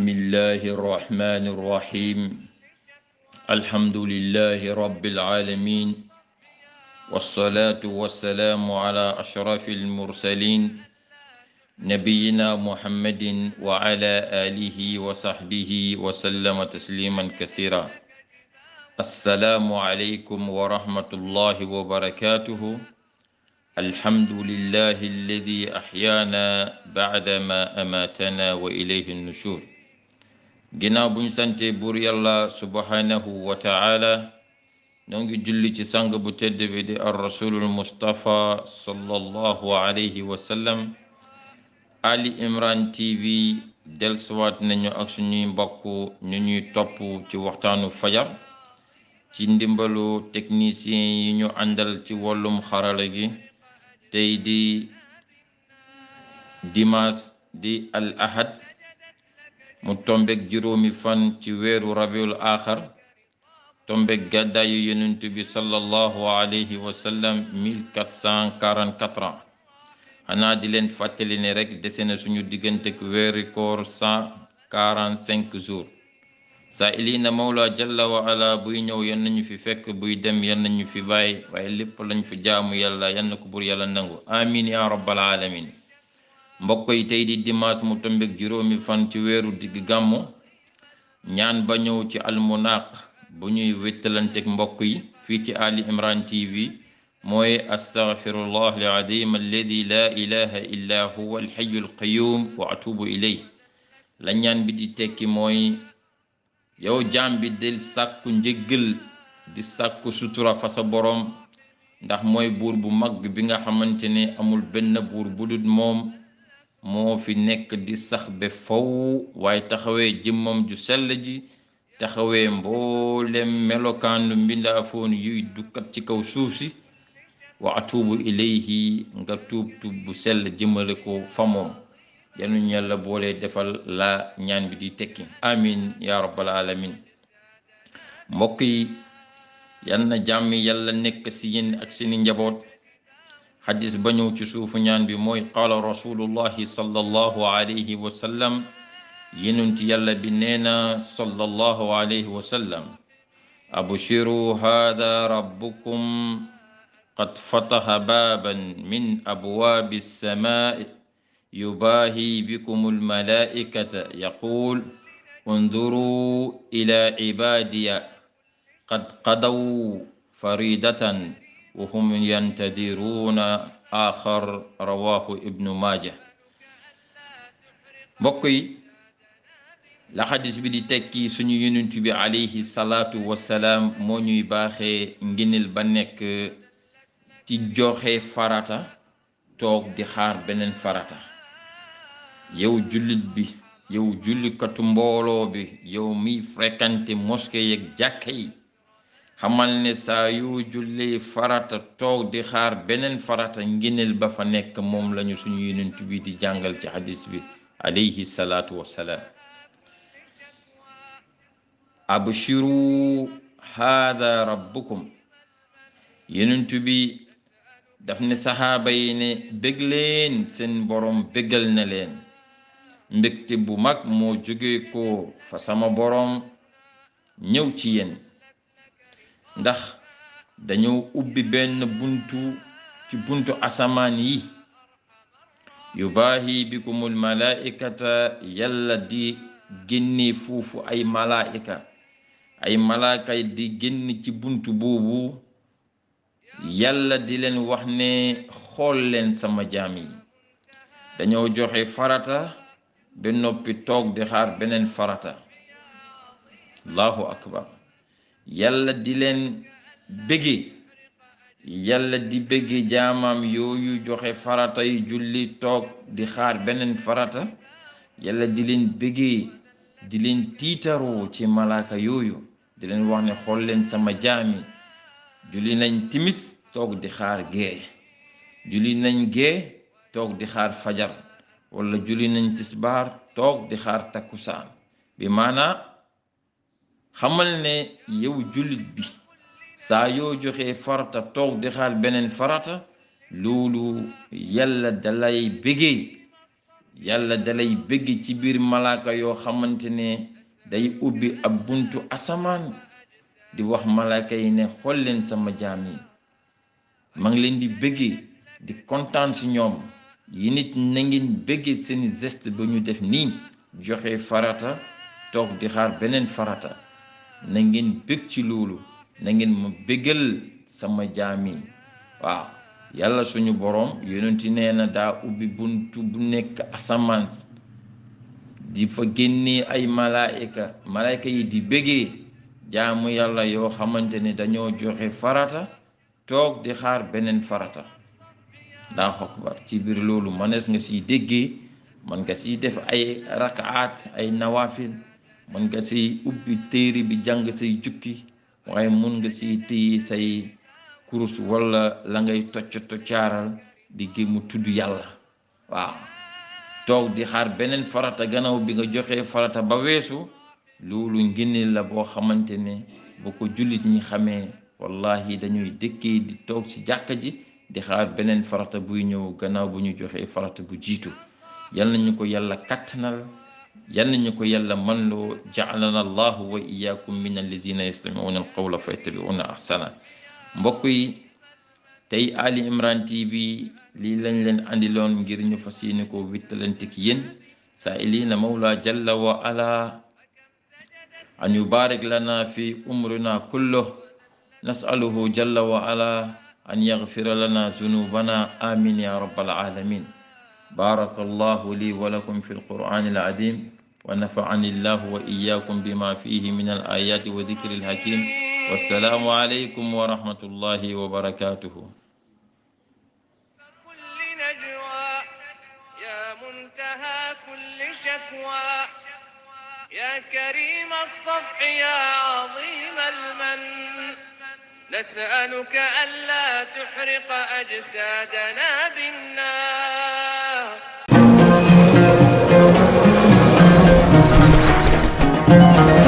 bismillahi irrahmani irrahim alhamdulillahi rabbil alamin wassalatu wassalaamu ala ashrafi almursalin nabiyina muhammadin wa ala alihi wa sahbihi wa sallama tasliman kasira assalaamu aleykum wa rahmatullahi wa barakatuhu الحمد لله الذي أحيانا بعدما أماتنا وإليه النشور ginaaw bu ñu sante buur yàlla subhanahu wa ngi julli ci sang bu tedd bi di ar rasulul mustapha sallallahu alayhi wa ali imran tv delsuwaat nañu ak suñuy mbokk ñu ñuy topp ci waxtaanu fajar ci ndimbalu technicien yi ñu àndal ci wàllum xarala gi tey di dimanche di al ahad mu tombeek juróomi fan ci weeru rabiul axar tombeek gàddaayu yonent bi sallallahu alayhi wa sallam 1444 ans xanaa di leen fàttali ne rek dese na suñu diggantek weeri koor 145 jours saa ilina mawla jalla wa buy ñëw yan nañu fi fekk buy dem yan ñu fi bàyyi waaye lépp lañ fi jaamu yalla yan na ko bur yàlla nangu amin ya rabbal alamin mbokk yi tey di dimanche mu tombéeg juróomi fan ci weeru digg gàmmu ñaan ba ñëw ci almunaq bu ñuy wéttalanteeg mbokk yi fii ci Ali Imran TV mooy astaghfirullah la la ñaan bi di tekki mooy yow jaam bi del sàkku njëggal di sàkku sutura fa sa boroom ndax mooy buur bu mag bi nga xamante ne amul benn buur bu moom moo fi nekk di sax be fow waaye taxawee jëmmam ju sell ji taxawee mboolem melokaanu mbindaafoon yuy dukkat ci kaw suuf si wa atuubu ilayhi nga tuub tuub bu sell jëmale ko fa moom yanu yàlla boole defal la ñaan bi di tekki amin ya rabbal alamin mbokk yi na jàmm yàlla nekk ci yéen ak seeni njaboot xadis ba ñëw ci suufu ñaan bi mooy qaala rasulullahi sallallahu alayhi wa sallam yenunti yàlla bi nee na sallallahu alayhi wa sallam abshiru haada rabbukum qad fataha baaban min abwaabi alsamaa'i yubaahi bikum almalaa'ikata yaquul unduruu ila cibaadiya qad qadaw faridatan وهم ينتظرون آخر رواه ابن ماجه mbokk yi la bi di tekki suñu yonent bi alayhi salaatu wasalaam moo ñuy nginil ba nekk ci joxe farata toog di xaar beneen farata yow jullit bi yow jullikatu mbooloo bi yow mi fréquenté mosquée yeeg jàkka xamal ne saa yu farata toog di xaar beneen farata ngeneel ba fa nekk moom lañu suñu yonent bi di jàngal ci hadis bi alayhi salaatu wassalaam abshiru haada rabbukum yonent bi daf ne saxaaba yi ne bég seen borom bégal na leen mbégte bu mag moo jóge ko fa sama borom ñëw ci yéen ndax dañoo ubbi benn buntu ci buntu asamaan yi yubaahi bikumul malaikata yàlla di génne foofu ay malaika ay malaaka di génn ci buntu boobu yàlla di leen wax ne xool leen sama jaam yi dañoo joxe farata ba noppi toog di xaar beneen farata allahu akbar yàlla di leen bëgge yàlla di bëgge jaamam yooyu joxe farata yu julli toog di xaar beneen farata yàlla di leen bëgge di leen tiitaroo ci malaaka yooyu di leen wax ne xool leen sama jaami julli nañ timis toog di xaar gee julli nañ gee toog di xaar fajar wala julli nañ tisbaar toog di xaar takkusaan bi maanaa xamal ne yow jullit bi saa yoo joxe farata toog di xaar beneen farata loolu yàlla dalay bëggee yàlla dalay bëgg ci biir malaaka yoo xamante ne day ubbi ab buntu asamaan di wax malaaka yi ne xool leen sama jaam yi ma ngi leen di bëggee di kontaan ci ñoom yi nit na ngeen bëggee seeni geste ba ñu def nii joxe farata toog di xaar beneen farata na ngeen ci loolu na ngeen ma bégal sama jaam yi waaw yàlla suñu boroom yonenti nee na daa ubbi buntu bu nekk asamaan di fa génnee ay malaayika malaayika yi di bégee jaamu yàlla yoo xamante ne dañoo joxe farata toog di xaar beneen farata daa xokbar ci biir loolu manees nga siy déggee man nga siy def ay rakaat ay nawafil mën nga ci ubbi téere bi jàng say jukki waaye mun nga ci téye say kurus wala la ngay tocc toccaaral di gémmu tudd yàlla waaw toog di xaar beneen farata gannaaw bi nga joxee farata ba weesu loolu ngénneel la boo xamante ne bu ko jullit ñi xamee wallahi dañuy dëkkee di toog ci jàkka ji di xaar beneen farata buy ñëw gannaaw bu ñu joxee farata bu jiitu yal nañu ko yàlla kattanal yal nañu ko yalla man loo ja'alana allahu wa iyyakum min allazina yastami'una alqawla fa yattabi'una ahsana mbokk yi tey Ali Imran TV lii lañ leen andiloon ngir ñu fas yéene ko wittalantik yéen saa ilina mawla jalla wa ala an yubarik lana fi umrina kulluh nas'aluhu jalla wa ala an yaghfira lana zunubana amin ya rabbal alamin بارك الله لي ولكم في القرآن العظيم ونفعني الله وإياكم بما فيه من الآيات وذكر الحكيم والسلام عليكم ورحمة الله وبركاته كل نجوى يا منتهى كل شكوى يا كريم الصفح يا عظيم المن نسألك ألا تحرق أجسادنا بالنار Thank you.